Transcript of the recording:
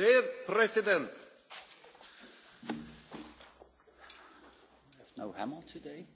Dear President, I have no hammer today.